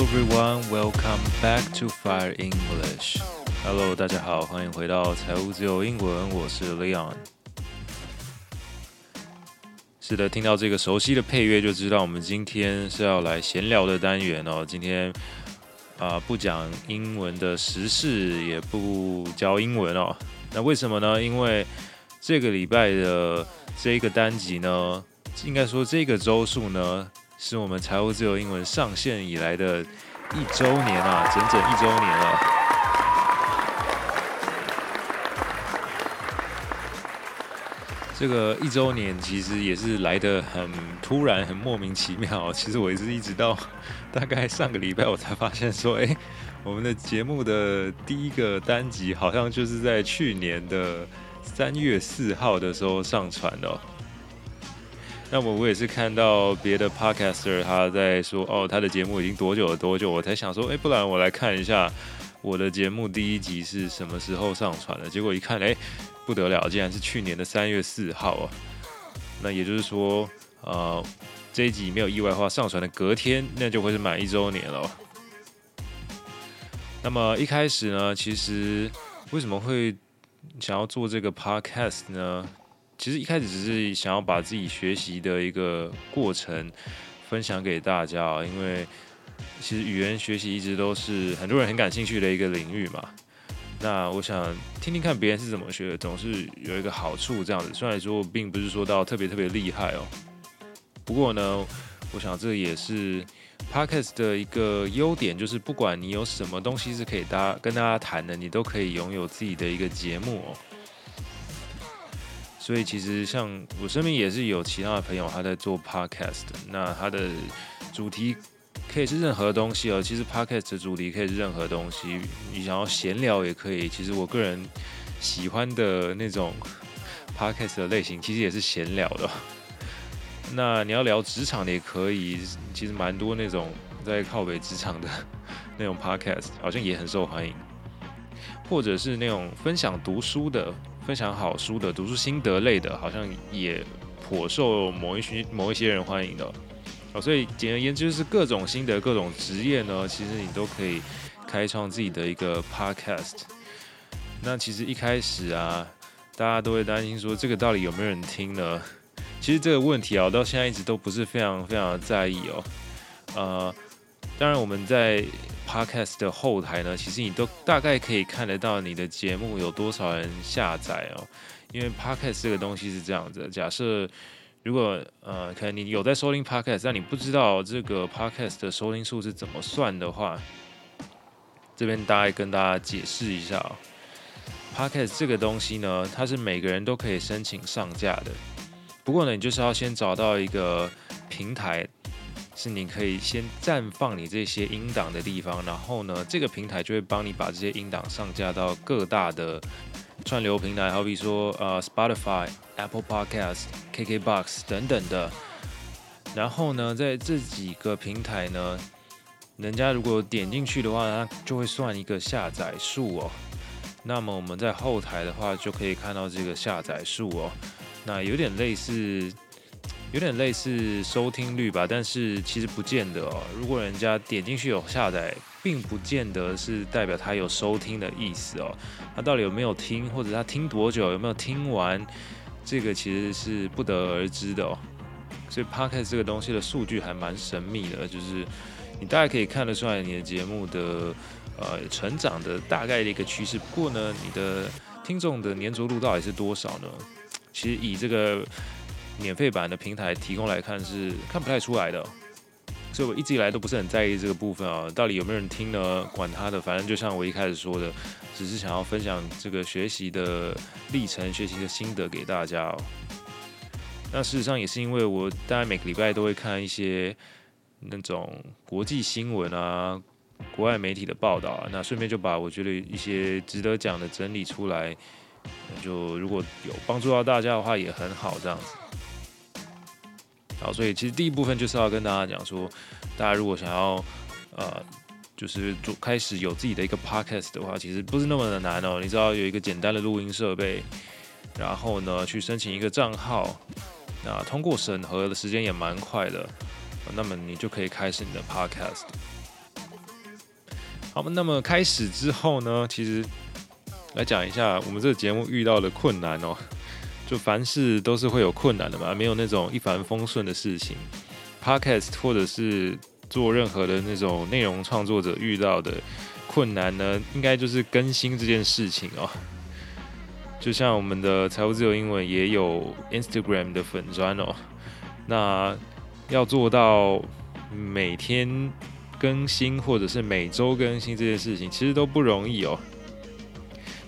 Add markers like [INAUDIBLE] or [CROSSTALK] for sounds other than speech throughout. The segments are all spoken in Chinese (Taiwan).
Hello everyone, welcome back to Fire English. Hello，大家好，歡迎回到財務自由英文。我是 Leon。是的，聽到這個熟悉的配樂就知道我們今天是要來閒聊的單元哦。今天啊，呃，不講英文的時事，也不教英文哦。那為什麼呢？因為這個禮拜的這個單集呢，應該說這個周數呢。是我們財務自由英文上線以來的一週年啊，整整一週年了。這個一週年其實也是來得很突然、很莫名其妙。其實我也是一直到大概上個禮拜，我才發現說，哎，我們的節目的第一個單集好像就是在去年的三月四號的時候上傳的哦。那麼我也是看到別的 podcaster 他在說，哦，他的節目已經多久了多久？我才想說，誒、欸，不然我來看一下我的節目第一集是什麼時候上傳的？結果一看，誒、欸，不得了，竟然是去年的三月四號啊，哦！那也就是說，呃，這一集沒有意外的話，上傳的隔天，那就會是滿一周年了、哦。那麼一開始呢，其實為什麼會想要做這個 podcast 呢？其實一開始只是想要把自己學習的一個過程分享給大家哦，因為其實語言學習一直都是很多人很感興趣的一個領域嘛。那我想聽聽看別人是怎麼學的，總是有一個好處這樣子。雖然說並不是說到特別特別厲害哦，不過呢，我想這也是 podcast 的一個優點，就是不管你有什麼東西是可以大家跟大家談的，你都可以擁有自己的一個節目哦。所以其實像我身邊也是有其他的朋友，他在做 podcast，那他的主題可以是任何東西哦。其實 podcast 的主題可以是任何東西，你想要閒聊也可以。其實我個人喜歡的那種 podcast 的類型，其實也是閒聊的。那你要聊職場的也可以，其實蠻多那種在靠北職場的那種 podcast，好像也很受歡迎。或者是那種分享讀書的。分享好書的讀書心得類的，好像也頗受某一群某一些人歡迎的。哦，所以簡而言之，就是各種心得、各種職業呢，其實你都可以開創自己的一個 podcast。那其實一開始啊，大家都會擔心說，這個到底有沒有人聽呢？其實這個問題啊，我到現在一直都不是非常非常的在意哦。呃。當然，我們在 Podcast 的後台呢，其實你都大概可以看得到你的節目有多少人下載哦。因為 Podcast 這個東西是這樣子，假設如果呃，可能你有在收聽 Podcast，但你不知道這個 Podcast 的收聽數是怎麼算的話，這邊大概跟大家解釋一下哦。Podcast 這個東西呢，它是每個人都可以申請上架的，不過呢，你就是要先找到一個平台。是，你可以先暫放你這些音檔的地方，然後呢，這個平台就會幫你把這些音檔上架到各大的串流平台，好比說呃，Spotify、Apple Podcasts、KKBox 等等的。然後呢，在這幾個平台呢，人家如果點進去的話，它就會算一個下載數哦。那麼我們在後台的話，就可以看到這個下載數哦。那有點類似。有點類似收聽率吧，但是其實不見得哦。如果人家點進去有下載，並不見得是代表他有收聽的意思哦。他到底有沒有聽，或者他聽多久，有沒有聽完，這個其實是不得而知的哦。所以 podcast 這個東西的數據還蠻神秘的，就是你大概可以看得出來你的節目的呃成長的大概的一個趨勢。不過呢，你的聽眾的粘着度到底是多少呢？其實以這個。免費版的平台提供來看是看不太出來的，所以我一直以來都不是很在意這個部分啊，到底有沒有人聽呢？管他的，反正就像我一開始說的，只是想要分享這個學習的歷程、學習的心得給大家喔。那事實上也是因為我大概每個禮拜都會看一些那種國際新聞啊、國外媒體的報道啊，那順便就把我覺得一些值得講的整理出來，就如果有幫助到大家的話也很好，這樣子。好，所以其實第一部分就是要跟大家講說，大家如果想要，呃，就是做開始有自己的一個 podcast 的話，其實不是那麼的難哦。你只要有一個簡單的錄音設備，然後呢，去申請一個賬號，那通過審核的時間也蠻快的，那麼你就可以開始你的 podcast。好，那麼開始之後呢，其實來講一下我們這個節目遇到的困難哦。就凡事都是會有困難的嘛，沒有那種一帆風順的事情。Podcast 或者是做任何的那種內容創作者遇到的困難呢，應該就是更新這件事情哦。就像我們的財務自由英文也有 Instagram 的粉專哦，那要做到每天更新或者是每周更新這件事情，其實都不容易哦。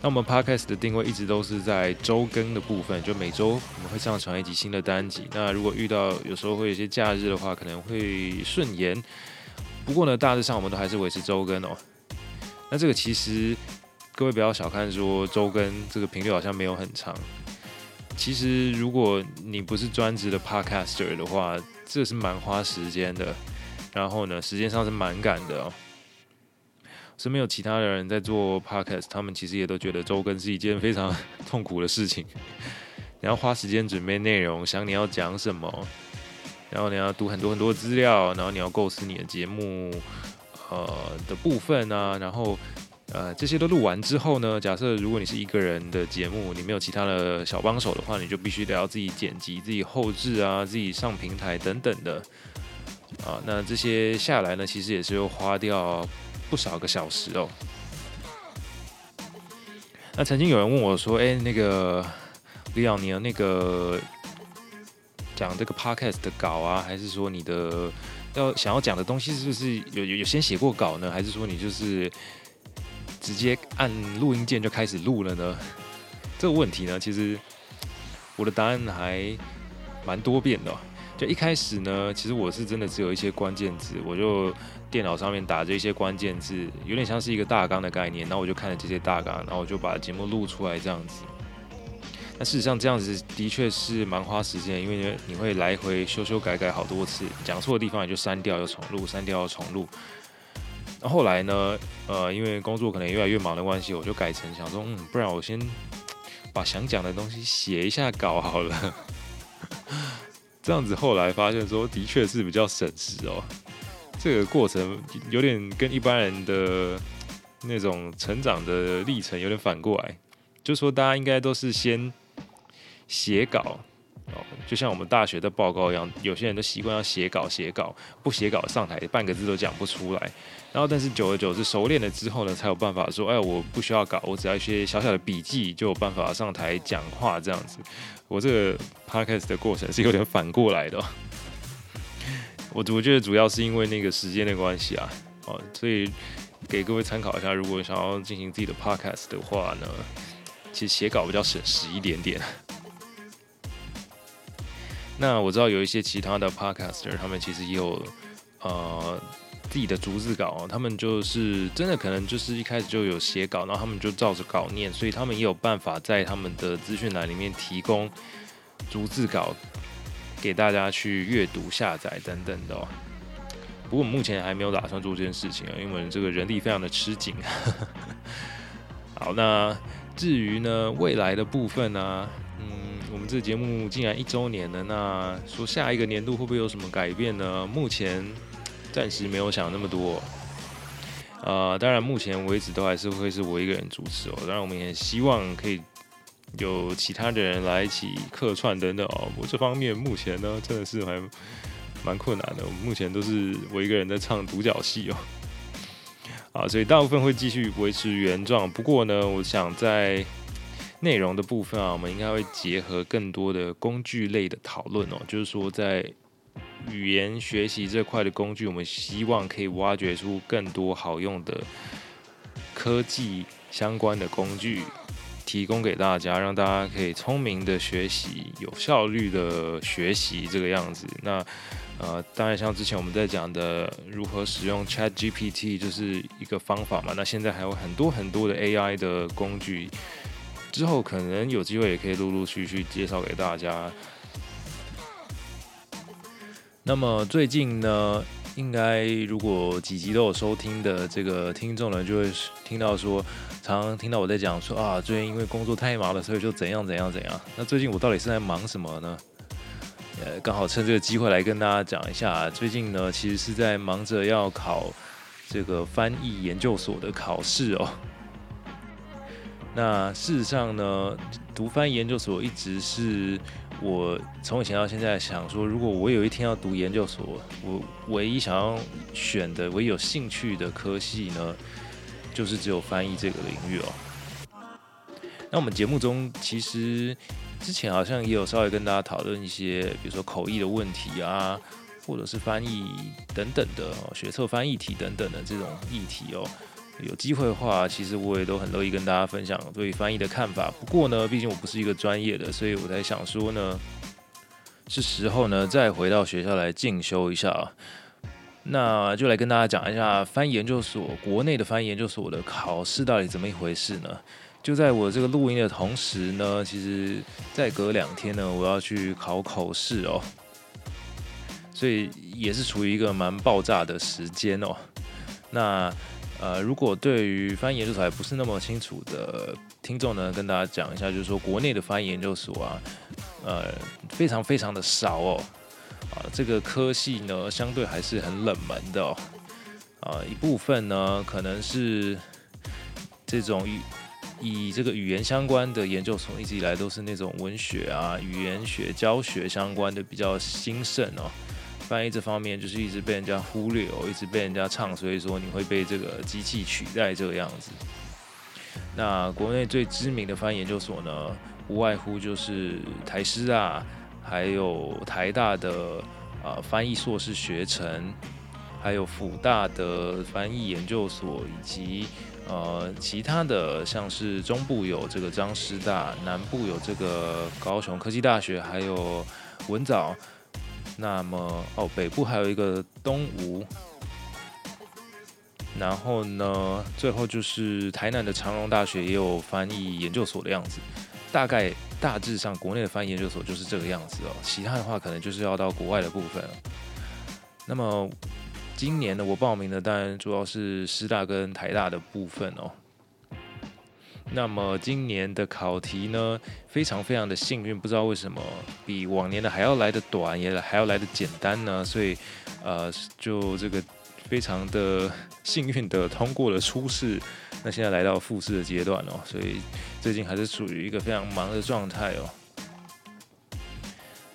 那我們 podcast 的定位一直都是在週更的部分，就每週我們會上傳一集新的單集。那如果遇到有時候會有一些假日的話，可能會順延。不過呢，大緻上我們都還是維持週更哦。那這個其實各位不要小看說週更這個頻率好像沒有很長，其實如果你不是專職的 podcaster 的話，這是蠻花時間的。然後呢，時間上是蠻趕的哦。是沒有其他的人在做 Podcast，他們其實也都覺得周更是一件非常痛苦的事情。你要花時間準備內容，想你要講什麼，然後你要讀很多很多資料，然後你要構思你的節目，呃的部分啊，然後呃這些都錄完之後呢，假設如果你是一個人的節目，你沒有其他的小幫手的話，你就必須得要自己剪輯、自己後置啊、自己上平台等等的。啊、呃，那這些下來呢，其實也是要花掉。不少個小時哦、喔。那曾經有人問我說：“哎、欸，那個 Leon，你有那個講這個 podcast 的稿啊，還是說你的要想要講的東西是不是有有先寫過稿呢？還是說你就是直接按錄音鍵就開始錄了呢？”這個問題呢，其實我的答案還蠻多變的、喔。就一開始呢，其實我是真的只有一些關鍵字，我就，電腦上面打這些關鍵字，有點像是一個大綱的概念，然後我就看了這些大綱，然後我就把節目錄出來這樣子。那事實上這樣子的確是蠻花時間，因為你會來回修修改改好多次，講錯的地方也就刪掉，又重錄，刪掉又重錄。後來呢，呃，因為工作可能越來越忙的關係，我就改成想說，嗯，不然我先把想講的東西寫一下稿好了。 [LAUGHS] 這樣子後來發現說，的確是比較省時哦。這個過程有點跟一般人的那種成長的歷程有點反過來，就是說大家應該都是先寫稿，就像我們大學的報告一樣，有些人都習慣要寫稿寫稿，不寫稿上台半個字都講不出來。然後但是久而久之熟練了之後呢，才有辦法說，哎，我不需要稿，我只要一些小小的筆記就有辦法上台講話這樣子。我這個 podcast 的過程是有點反過來的喔。我我覺得主要是因為那個時間的關係啊，哦，所以給各位參考一下，如果想要進行自己的 podcast 的話呢，其實寫稿比較省時一點點。那我知道有一些其他的 podcaster，他們其實也有呃自己的逐字稿，他們就是真的可能就是一開始就有寫稿，然後他們就照着稿念，所以他們也有辦法在他們的資訊欄裡面提供逐字稿。給大家去閱讀、下載等等的，喔，不過目前還沒有打算做這件事情啊，喔，因為這個人力非常的吃緊。 [LAUGHS] 好，那至於呢，未來的部分呢，啊，嗯，我們這節目竟然一週年了，那說下一個年度會不會有什麼改變呢？目前暫時沒有想那麼多喔。呃，當然目前為止都還是會是我一個人主持哦，喔，當然我們也希望可以。有其他的人來一起客串等等哦，我這方面目前呢真的是還蠻困難的，我們目前都是我一個人在唱獨角戲哦，啊，所以大部分會繼續維持原狀。不過呢，我想在內容的部分啊，我們應該會結合更多的工具類的討論哦，就是說在語言學習這塊的工具，我們希望可以挖掘出更多好用的科技相關的工具，提供給大家，讓大家可以聰明的學習，有效率的學習這個樣子。那呃，當然像之前我們在講的如何使用 ChatGPT，就是一個方法嘛。那現在還有很多很多的 AI 的工具，之後可能有機會也可以陸陸續續介紹給大家。那麼最近呢，應該如果幾集都有收聽的這個聽眾呢，就會聽到說。常常聽到我在講說啊，最近因為工作太忙了，所以就怎樣怎樣怎樣。那最近我到底是在忙什麼呢？呃，剛好趁這個機會來跟大家講一下啊，最近呢其實是在忙着要考這個翻譯研究所的考試哦。那事實上呢，讀翻譯研究所一直是我從以前到現在想說，如果我有一天要讀研究所，我唯一想要選的、唯一有興趣的科系呢。就是只有翻譯這個領域哦。那我們節目中其實之前好像也有稍微跟大家討論一些，比如說口譯的問題啊，或者是翻譯等等的學測翻譯題等等的這種議題哦。有機會的話，其實我也都很樂意跟大家分享對翻譯的看法。不過呢，畢竟我不是一個專業的，所以我才想說呢，是時候呢再回到學校來進修一下啊。那就來跟大家講一下翻譯研究所國內的翻譯研究所的考試到底怎麼一回事呢？就在我這個錄音的同時呢，其實再隔兩天呢，我要去考口試哦，所以也是處於一個蠻爆炸的時間哦。那呃，如果對於翻譯研究所還不是那麼清楚的聽眾呢，跟大家講一下，就是說國內的翻譯研究所啊，呃，非常非常的少哦。啊，這個科系呢，相對還是很冷門的哦。啊，一部分呢，可能是這種與以這個語言相關的研究所，一直以來都是那種文學啊、語言學、教學相關的比較興盛哦。翻譯這方面就是一直被人家忽略哦，一直被人家唱，所以說你會被這個機器取代這個樣子。那國內最知名的翻譯研究所呢，無外乎就是台師啊。還有台大的啊、呃、翻譯碩士學程，還有輔大的翻譯研究所，以及呃其他的，像是中部有這個彰師大，南部有這個高雄科技大學，還有文藻，那麼哦北部還有一個東吳，然後呢最後就是台南的長榮大學也有翻譯研究所的樣子，大概。大致上，國內的翻譯研究所就是這個樣子哦。其他的話，可能就是要到國外的部分。那麼今年呢，我報名的當然主要是師大跟台大的部分哦。那麼今年的考題呢，非常非常的幸運，不知道為什麼比往年的還要來得短，也還要來得簡單呢。所以，呃，就這個。非常的幸運的通過了初試，那現在來到複試的階段哦、喔，所以最近還是處於一個非常忙的狀態哦。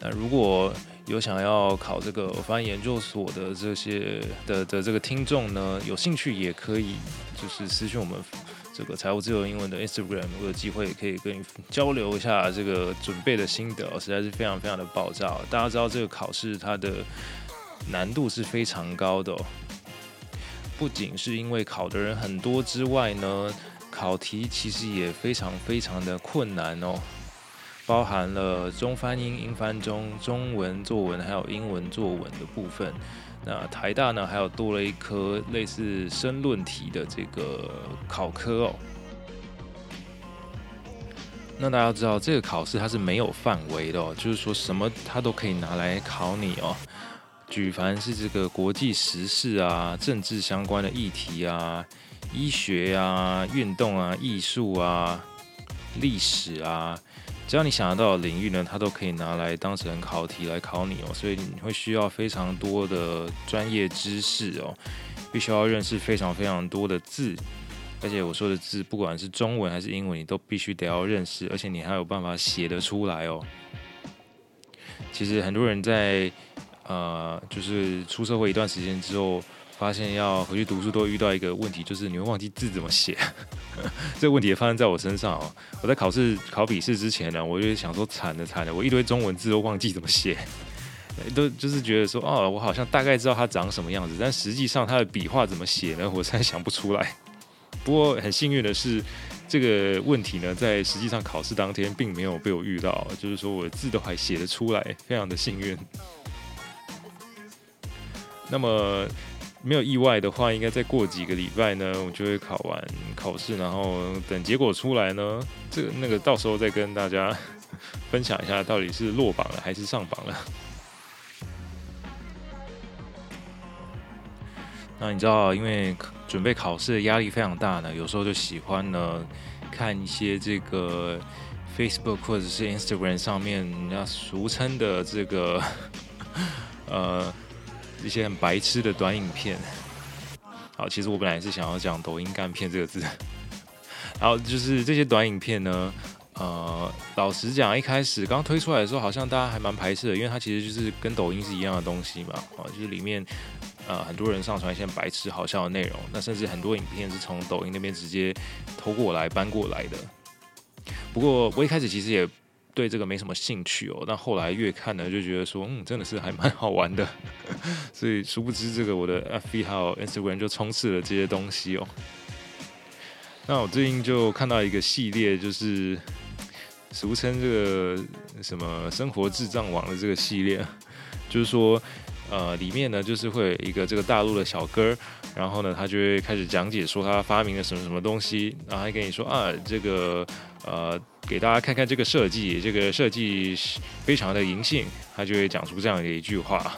那如果有想要考這個翻譯研究所的這些的的這個聽眾呢，有興趣也可以就是私信我們這個財務自由英文的 Instagram，有機會也可以跟你交流一下這個準備的心得哦、喔，實在是非常非常的爆炸、喔，大家知道這個考試它的難度是非常高的哦、喔。不僅是因為考的人很多之外呢，考題其實也非常非常的困難哦，包含了中翻英、英翻中、中文作文還有英文作文的部分。那台大呢，還有多了一科類似申論題的這個考科哦。那大家知道這個考試它是沒有範圍的哦，就是說什麼它都可以拿來考你哦。舉凡是這個國際時事啊、政治相關的議題啊、醫學啊、運動啊、藝術啊、歷史啊，只要你想得到的領域呢，它都可以拿來當成考題來考你哦。所以你會需要非常多的專業知識哦，必須要認識非常非常多的字，而且我說的字，不管是中文還是英文，你都必須得要認識，而且你還有辦法寫得出來哦。其實很多人在。呃，就是出社會一段時間之後，發現要回去讀書都遇到一個問題，就是你會忘記字怎麼寫。 [LAUGHS] 這個問題也發生在我身上啊、哦！我在考試考筆試之前呢，我就想說慘了，慘了，我一堆中文字都忘記怎麼寫，都就是覺得說，哦，我好像大概知道它長什麼樣子，但實際上它的筆畫怎麼寫呢？我實在想不出來。不過很幸運的是，這個問題呢，在實際上考試當天並沒有被我遇到，就是說我的字都還寫得出來，非常的幸運。那麼沒有意外的話，應該再過幾個禮拜呢，我就會考完考試，然後等結果出來呢，這那個到時候再跟大家分享一下，到底是落榜了還是上榜了。那你知道，因為準備考試的壓力非常大呢，有時候就喜歡呢，看一些這個 Facebook 或者是 Instagram 上面人家俗稱的這個，呃。一些很白痴的短影片，好，其實我本來是想要講“抖音干片”這個字，然後就是這些短影片呢，呃，老實講，一開始剛推出來的時候，好像大家還蠻排斥的，因為它其實就是跟抖音是一樣的東西嘛，啊，就是裡面呃很多人上傳一些很白痴好笑的內容，那甚至很多影片是從抖音那邊直接偷過來搬過來的。不過我一開始其實也。對這個沒什麼興趣哦，但後來越看呢，就覺得說，嗯，真的是還蠻好玩的， [LAUGHS] 所以殊不知這個我的 FB 還有 Instagram 就充斥了這些東西哦。那我最近就看到一個系列，就是俗稱這個什麼“生活智障網”的這個系列，就是說，呃，裡面呢就是會有一個這個大陸的小哥，然後呢他就會開始講解說他發明了什麼什麼東西，然後還跟你說啊這個呃給大家看看這個設計，這個設計非常的銀杏，他就會講出這樣的一句話。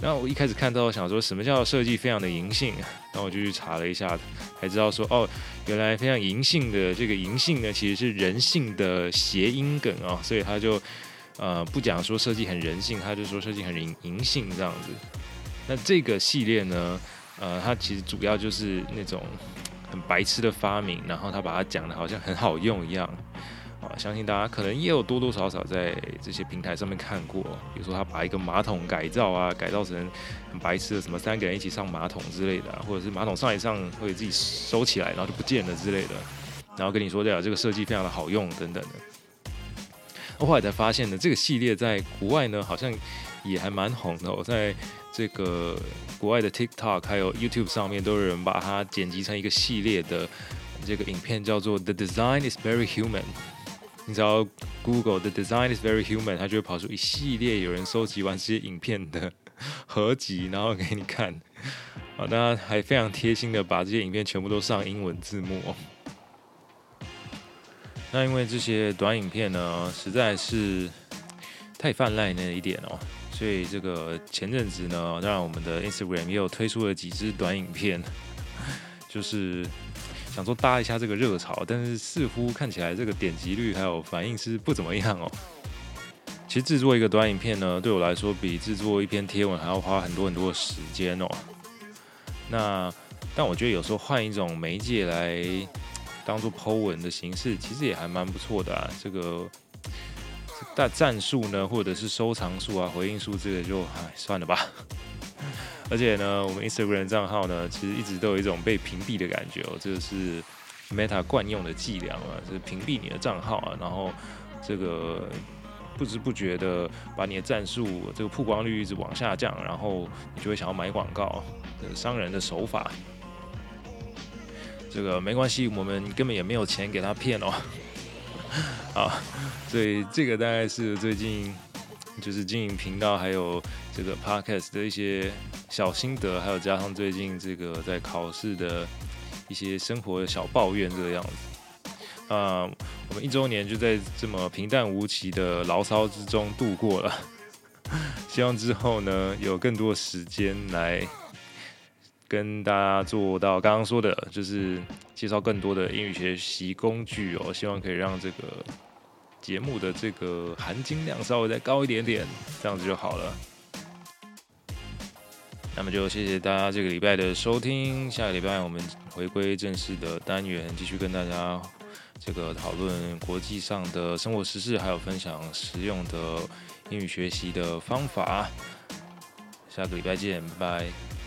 然後我一開始看到想說什麼叫設計非常的銀杏，然後我就去查了一下，才知道說哦原來非常銀杏的這個銀杏呢其實是人性的諧音梗啊，哦，所以他就。呃，不講說設計很人性，他就說設計很淫性這樣子。那這個系列呢，呃，它其實主要就是那種很白痴的發明，然後他把它講得好像很好用一樣。啊，相信大家可能也有多多少少在這些平台上面看過，比如說他把一個馬桶改造啊，改造成很白痴的什麼三個人一起上馬桶之類的，啊，或者是馬桶上一上會自己收起來，然後就不見了之類的，然後跟你說這，這樣這個設計非常的好用等等的。我後來才發現呢，這個系列在國外呢，好像也還蠻紅的哦。我在這個國外的 TikTok，還有 YouTube 上面，都有人把它剪輯成一個系列的這個影片，叫做《The Design Is Very Human》。你只要 Google《The Design Is Very Human》，它就會跑出一系列有人收集完這些影片的合集，然後給你看。那還非常貼心的把這些影片全部都上英文字幕。那因為這些短影片呢，實在是太泛濫了一點哦，所以這個前陣子呢，讓我們的 Instagram 也有推出了幾支短影片，就是想說搭一下這個熱潮，但是似乎看起來這個點擊率還有反應是不怎麼樣哦。其實制作一個短影片呢，對我來說比制作一篇貼文還要花很多很多的時間哦。那但我覺得有時候換一種媒介來。當做 Po 文的形式，其實也還蠻不錯的啊。這個按讚數呢，或者是收藏數啊、回應數這個就唉算了吧。而且呢，我們 Instagram 賬號呢，其實一直都有一種被屏蔽的感覺哦、喔，這個、是 Meta 慣用的伎倆啊，就是屏蔽你的賬號啊，然後這個不知不覺的把你的讚數這個曝光率一直往下降，然後你就會想要買廣告，這個、商人的手法。這個沒關係，我們根本也沒有錢給他騙哦、喔，啊，所以這個大概是最近就是經營頻道還有這個 podcast 的一些小心得，還有加上最近這個在考試的一些生活的小抱怨這個樣子。啊、嗯。我們一週年就在這麼平淡無奇的牢騷之中度過了，希望之後呢有更多時間來。跟大家做到剛剛說的，就是介紹更多的英語學習工具哦，希望可以讓這個節目的這個含金量稍微再高一點點，這樣子就好了。那麼就謝謝大家這個禮拜的收聽，下個禮拜我們回歸正式的單元，繼續跟大家這個討論國際上的生活時事，還有分享實用的英語學習的方法。下個禮拜見，拜拜。